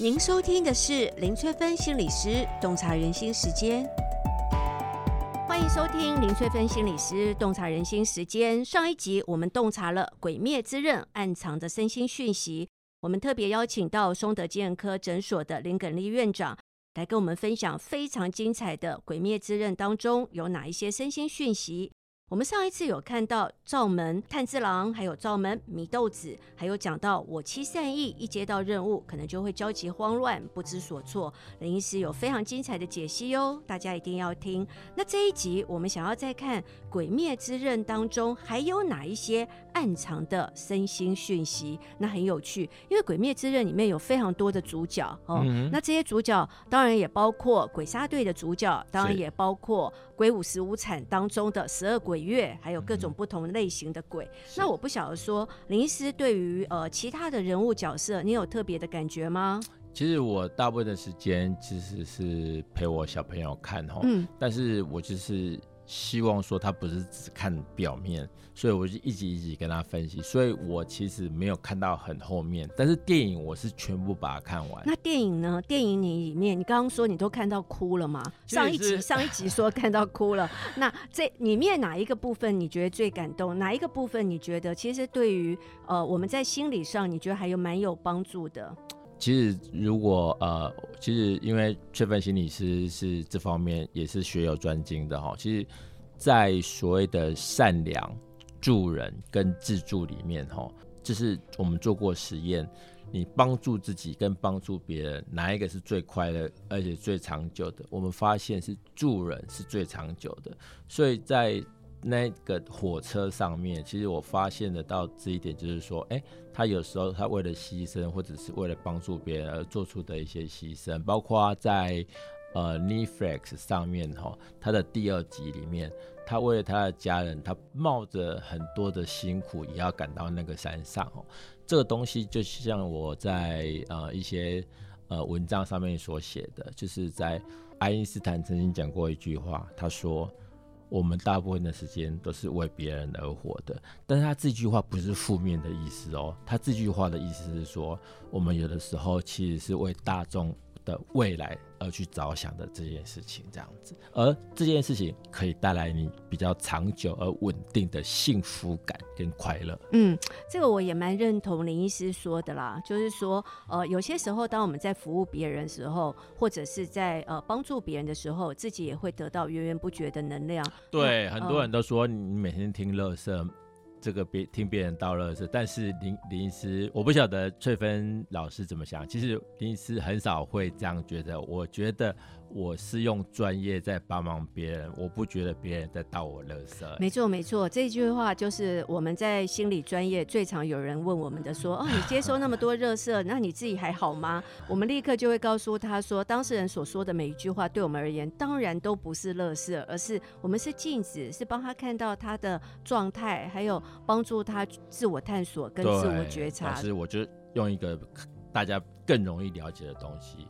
您收聽的是林翠芬心理師《洞察人心》時間，歡迎收聽林翠芬心理師《洞察人心》時間。上一集我們洞察了《鬼滅之刃》暗藏的身心訊息，我們特別邀請到松德精神科診所的林耿立院長來跟我們分享非常精彩的《鬼滅之刃》當中有哪一些身心訊息。我們上一次有看到灶門炭治郎，還有灶門祢豆子，還有講到我妻善逸一接到任務，可能就會焦急慌亂，不知所措。林醫師有非常精彩的解析哦，大家一定要聽。那這一集我們想要再看《鬼滅之刃》當中還有哪一些暗藏的身心訊息？那很有趣，因為《鬼滅之刃》裡面有非常多的主角哦。嗯嗯，那這些主角當然也包括鬼殺隊的主角，當然也包括鬼舞辻無慘當中的十二鬼月，還有各種不同類型的鬼。嗯、那我不曉得說，林醫師對於呃其他的人物角色，你有特別的感覺嗎？其實我大部分的時間其實是陪我小朋友看吼，嗯，但是我就是，希望說他不是只看表面，所以我就一集一集跟他分析。所以我其實沒有看到很後面，但是電影我是全部把它看完。那電影呢？電影裡裡面，你剛剛說你都看到哭了嗎？確實 上一集上一集說看到哭了。 那這裡面哪一個部分你覺得最感動？哪一個部分你覺得其實對於呃我們在心理上你覺得還有蠻有幫助的？其實，如果呃，其實因為催眠心理師是這方面也是學有專精的哈。其實，在所謂的善良助人跟自助裡面哈，這，就是我們做過實驗，你幫助自己跟幫助別人，哪一個是最快樂而且最長久的？我們發現是助人是最長久的，所以在。那個火車上面，其實我發現得到這一點，就是說，哎、欸，他有時候他為了犧牲，或者是為了幫助別人而做出的一些犧牲，包括在呃 Netflix 上面吼，他的第二集裡面，他為了他的家人，他冒着很多的辛苦也要趕到那個山上哦。這個東西就像我在呃一些呃文章上面所寫的，就是在愛因斯坦曾經講過一句話，他說。我們大部分的時間都是為別人而活的，但是他這句話不是負面的意思哦，他這句話的意思是說，我們有的時候其實是為大眾。的未來而去着想的這件事情，這樣子，而這件事情可以帶來你比較長久而穩定的幸福感跟快樂。嗯，這個我也蠻認同林醫師說的啦，就是說，呃，有些時候當我們在服務別人的時候，或者是在呃幫助別人的時候，自己也會得到源源不絕的能量。對，嗯、很多人都說你每天聽垃圾。這個別聽別人叨了是，但是林林醫師，我不曉得翠芬老師怎麼想。其實林醫師很少會這樣覺得，我覺得。我是用專業在幫忙別人，我不覺得別人在倒我垃圾。欸、沒錯，沒錯，這句話就是我們在心理專業最常有人問我們的，說：“ 哦，你接收那麼多垃圾，那你自己還好嗎？” 我們立刻就會告訴他說，當事人所說的每一句話，對我們而言，當然都不是垃圾，而是我們是鏡子，是幫他看到他的狀態，還有幫助他自我探索跟自我覺察。老師，我就用一個大家更容易了解的東西。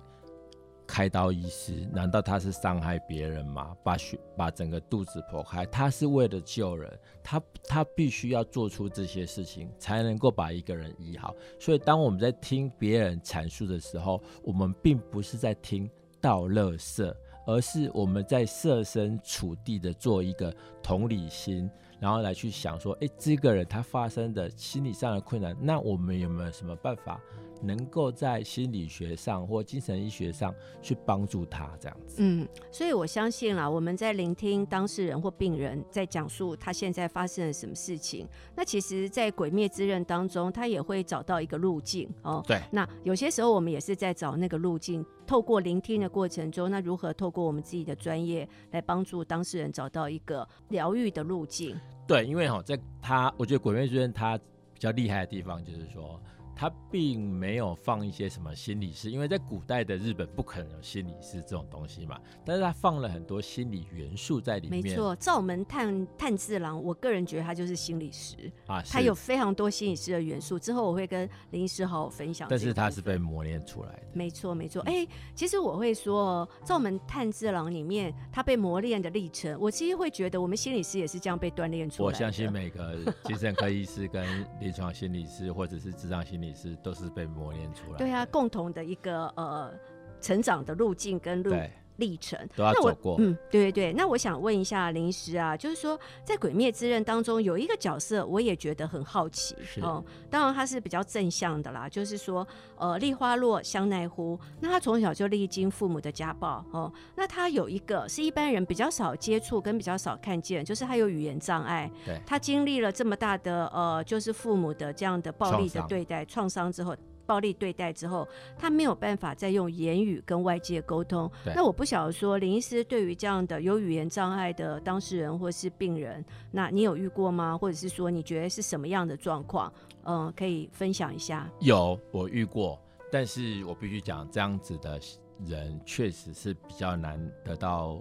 開刀醫師，難道他是傷害別人嗎？把血、把整個肚子剖開，他是為了救人。他他必須要做出這些事情，才能夠把一個人醫好。所以，當我們在聽別人闡述的時候，我們並不是在聽倒垃圾，而是我們在設身處地的做一個同理心，然後來去想說：誒、欸，這個人他發生的心理上的困難，那我們有沒有什麼辦法？能夠在心理學上或精神醫學上去幫助他這樣子。嗯，所以我相信啦，我們在聆聽當事人或病人在講述他現在發生了什麼事情。那其實，在《鬼滅之刃》當中，他也會找到一個路徑哦。喔、對。那有些時候，我們也是在找那個路徑。透過聆聽的過程中，那如何透過我們自己的專業來幫助當事人找到一個療癒的路徑？對，因為哈，在他，我覺得《鬼滅之刃》他比較厲害的地方就是說。他並沒有放一些什麼心理師，因為在古代的日本不可能有心理師這種東西嘛。但是他放了很多心理元素在裡面。沒錯，灶門炭炭治郎，我個人覺得他就是心理師啊，他有非常多心理師的元素。之後我會跟林醫師好好分享。但是他是被磨練出來的。沒錯、嗯，沒錯。哎、欸，其實我會說，灶門炭治郎裡面他被磨練的歷程，我其實會覺得我們心理師也是這樣被鍛煉出來的。我相信每個精神科醫師跟臨床心理師 或者是職場心理師。也是都是被磨練出來。對啊，共同的一個呃成長的路徑跟路。對。歷程，那我嗯，對對對。那我想問一下林醫師啊，就是說在《鬼滅之刃》當中有一個角色，我也覺得很好奇是哦。當然他是比較正向的啦，就是說呃，栗花落香奈乎。那他從小就歷經父母的家暴哦。那他有一個是一般人比較少接觸跟比較少看見，就是他有語言障礙。對。他經歷了這麼大的呃，就是父母的這樣的暴力的對待創傷，創傷之後。暴力對待之後，他沒有辦法再用言語跟外界溝通。對那我不曉得說，林醫師對於這樣的有語言障礙的當事人或是病人，那你有遇過嗎？或者是說你覺得是什麼樣的狀況？嗯，可以分享一下。有，我遇過，但是我必須講，這樣子的人確實是比較難得到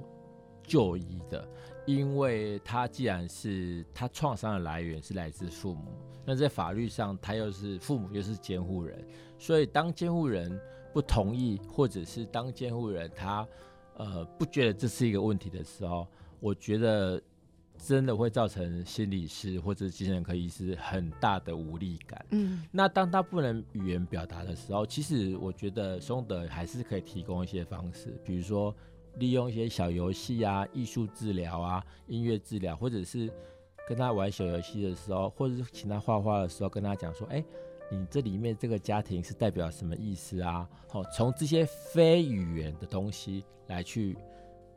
就醫的。因為他既然是他創傷的來源是來自父母，那在法律上他又是父母又是監護人，所以當監護人不同意，或者是當監護人他呃不覺得這是一個問題的時候，我覺得真的會造成心理師或者精神科醫師很大的無力感。嗯，那當他不能語言表達的時候，其實我覺得松德還是可以提供一些方式，比如說，利用一些小遊戲啊、藝術治療啊、音樂治療，或者是跟他玩小遊戲的時候，或者是請他畫畫的時候，跟他講說：“哎、欸，你這裡面這個家庭是代表什麼意思啊？”好，從這些非語言的東西來去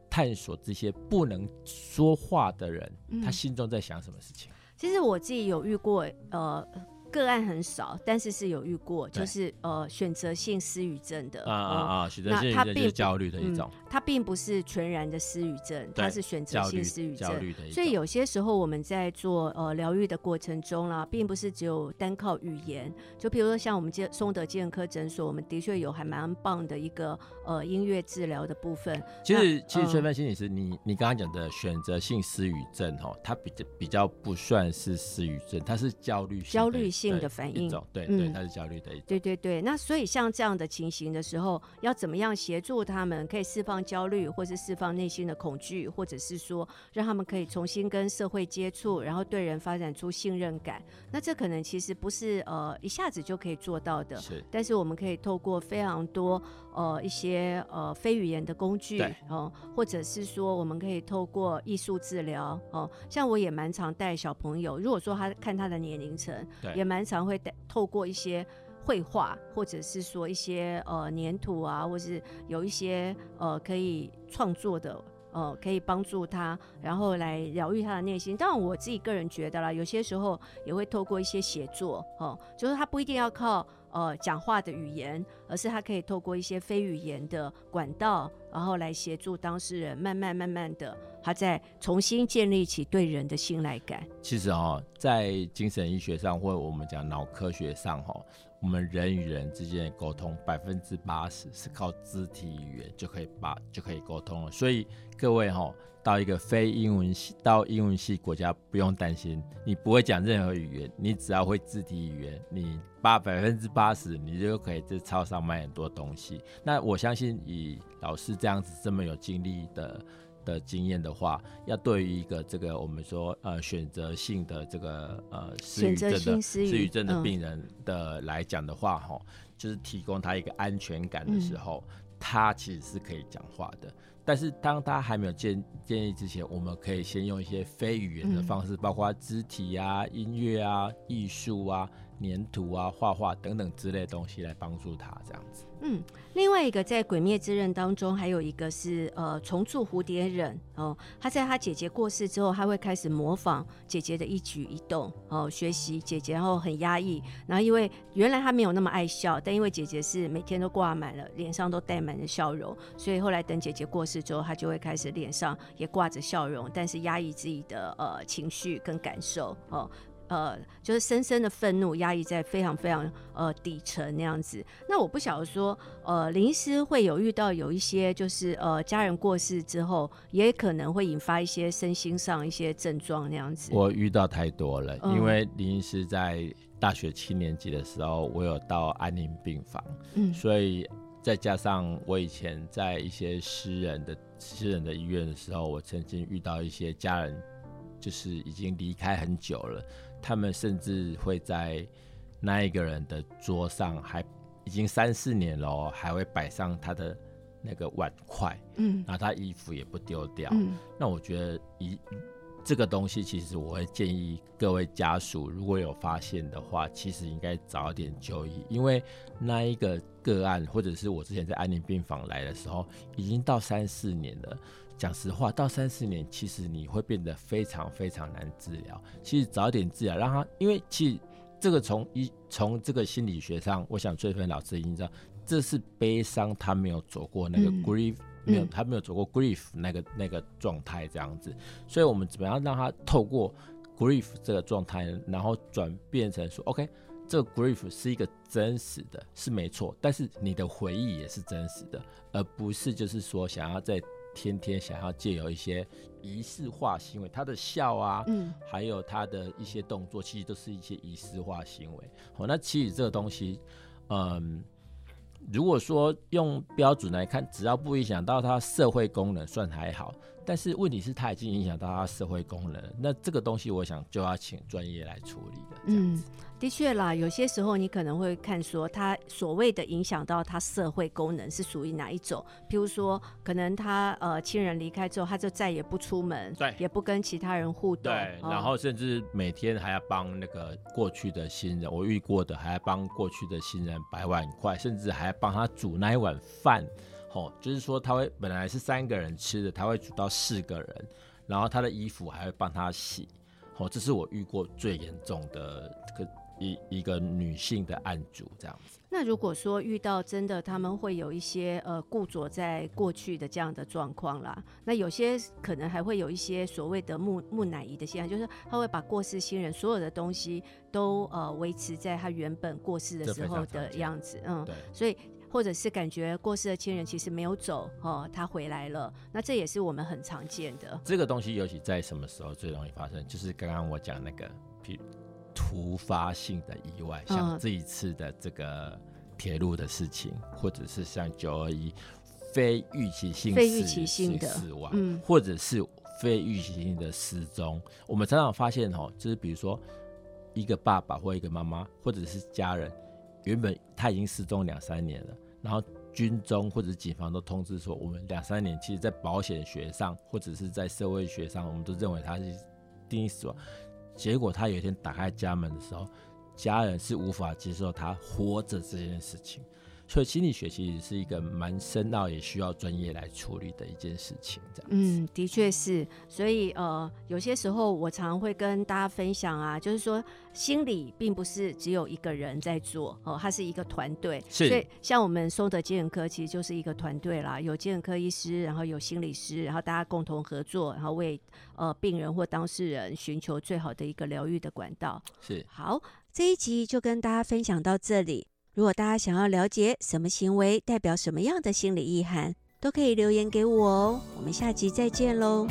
探索這些不能說話的人，他心中在想什麼事情？嗯、其實我自己有遇過，呃。個案很少，但是是有遇過，對就是呃選擇性失語症的啊啊啊。選擇性失語症是焦慮的一種，嗯、它並不是全然的失語症，對它是選擇性失語症。焦慮的。所以有些時候我們在做呃療癒的過程中啦、啊，並不是只有單靠語言，就比如說像我們健松德健科診所，我們的確有還蠻棒的一個呃音樂治療的部分。其實，那其實崔分心理師，你你剛剛講的選擇性失語症哦，它比較比較不算是失語症，它是焦慮焦慮。性的反應，對對，那、嗯、是焦慮的一種，對對對，那所以像這樣的情形的時候，要怎麼樣協助他們，可以釋放焦慮，或是釋放內心的恐懼，或者是說讓他們可以重新跟社會接觸，然後對人發展出信任感？那這可能其實不是呃一下子就可以做到的。是，但是我們可以透過非常多。呃，一些呃非語言的工具哦，對或者是說我們可以透過藝術治療哦、呃，像我也蠻常帶小朋友，如果說他看他的年齡層，對也蠻常會帶透過一些繪畫，或者是說一些呃粘土啊，或是有一些呃可以創作的呃，可以幫、呃、助他，然後來療癒他的內心。當然我自己個人覺得啦，有些時候也會透過一些寫作哦、呃，就是他不一定要靠。呃，講話的語言，而是他可以透過一些非語言的管道，然後來協助當事人慢慢慢慢的，他再重新建立起對人的信賴感。其實哦，在精神醫學上，或者我們講腦科學上、哦，哈。我們人與人之間的溝通，百分之八十是靠肢體語言就可以把就可以溝通了。所以各位吼，到一個非英文系、到英文系國家，不用擔心，你不會講任何語言，你只要會肢體語言，你把百分之八十，你就可以在超商買很多東西。那我相信以老師這樣子這麼有精力的。的經驗的話，要對於一個這個我們說呃選擇性的這個呃失語症的失語症的病人的來講的話，哈、嗯，就是提供他一個安全感的時候，他其實是可以講話的。嗯、但是當他還沒有建建議之前，我們可以先用一些非語言的方式，嗯、包括肢體啊、音樂啊、藝術啊。粘土啊，畫畫等等之類的東西來幫助他這樣子。嗯，另外一個在《鬼滅之刃》當中，還有一個是呃，蟲柱蝴蝶忍哦。他在他姐姐過世之後，他會開始模仿姐姐的一舉一動哦，學習姐姐，然後很壓抑。然後因為原來他沒有那麼愛笑，但因為姐姐是每天都掛滿了臉上都帶滿了笑容，所以後來等姐姐過世之後，他就會開始臉上也掛着笑容，但是壓抑自己的呃情緒跟感受哦。呃，就是深深的憤怒壓抑在非常非常呃底層那樣子。那我不曉得說，呃，林醫師會有遇到有一些就是呃家人過世之後，也可能會引發一些身心上一些症狀那樣子。我遇到太多了，嗯，因為林醫師在大學七年級的時候，我有到安寧病房，嗯，所以再加上我以前在一些私人的私人的醫院的時候，我曾經遇到一些家人，就是已經離開很久了。他們甚至會在那一個人的桌上，還已經三四年了，還會擺上他的那個碗筷，嗯，那他衣服也不丟掉。嗯，那我覺得一這個東西，其實我會建議各位家屬，如果有發現的話，其實應該早點就醫，因為那一個個案，或者是我之前在安寧病房來的時候，已經到三四年了。講實話，到三四年，其實你會變得非常非常難治療。其實早點治療，讓他，因為其實這個從一從這個心理學上，我想追分老師已經知道，這是悲傷，他沒有走過那個 grief，、嗯嗯、沒有他沒有走過 grief 那個那個狀態這樣子。所以我們怎麼樣讓他透過 grief 這個狀態，然後轉變成說，OK，這個 grief 是一個真實的，是沒錯，但是你的回憶也是真實的，而不是就是說想要在天天想要借由一些儀式化行為，他的笑啊，嗯，還有他的一些動作，其實都是一些儀式化行為。哦，那其實這個東西，嗯，如果說用標準來看，只要不影響到他社會功能，算還好。但是問題是，他已經影響到他社會功能了。那這個東西，我想就要請專業來處理的。嗯，的確啦，有些時候你可能會看說，他所謂的影響到他社會功能是屬於哪一種？譬如說，可能他呃親人離開之後，他就再也不出門，對，也不跟其他人互動，對。嗯、然後甚至每天還要幫那個過去的親人，我遇過的還要幫過去的親人擺碗筷，甚至還要幫他煮那一碗飯。哦，就是說他會本來是三個人吃的，他會煮到四個人，然後他的衣服還會幫他洗。哦，這是我遇過最嚴重的一個一個女性的案主。這樣子。那如果說遇到真的他們會有一些呃固着在過去的這樣的狀況啦，那有些可能還會有一些所謂的木木乃伊的現象，就是他會把過世親人所有的東西都呃維持在他原本過世的時候的樣子，嗯，所以。或者是感覺過世的親人其實沒有走哦，他回來了，那這也是我們很常見的。這個東西尤其在什麼時候最容易發生？就是剛剛我講那個，突突發性的意外，像這一次的這個鐵路的事情，嗯、或者是像九二一非預期性4 4、非預期性的死亡，嗯、或者是非預期性的失蹤。我們常常發現哦，就是比如說一個爸爸或一個媽媽，或者是家人。原本他已經失蹤兩三年了，然後軍中或者警方都通知說，我們兩三年，其實，在保險學上或者是在社會學上，我們都認為他是定義死亡。結果他有一天打開家門的時候，家人是無法接受他活着這件事情。所以心理學其實是一個蠻深奧，也需要專業來處理的一件事情，這樣，嗯，的確是。所以呃，有些時候我常會跟大家分享啊，就是說心理並不是只有一個人在做哦、呃，它是一個團隊。是。所以像我們松德精神科其實就是一個團隊啦，有精神科醫師，然後有心理師，然後大家共同合作，然後為呃病人或當事人尋求最好的一個療癒的管道。是。好，這一集就跟大家分享到這裡。如果大家想要了解什麼行為代表什麼樣的心理意涵，都可以留言給我哦。我們下集再見嘍。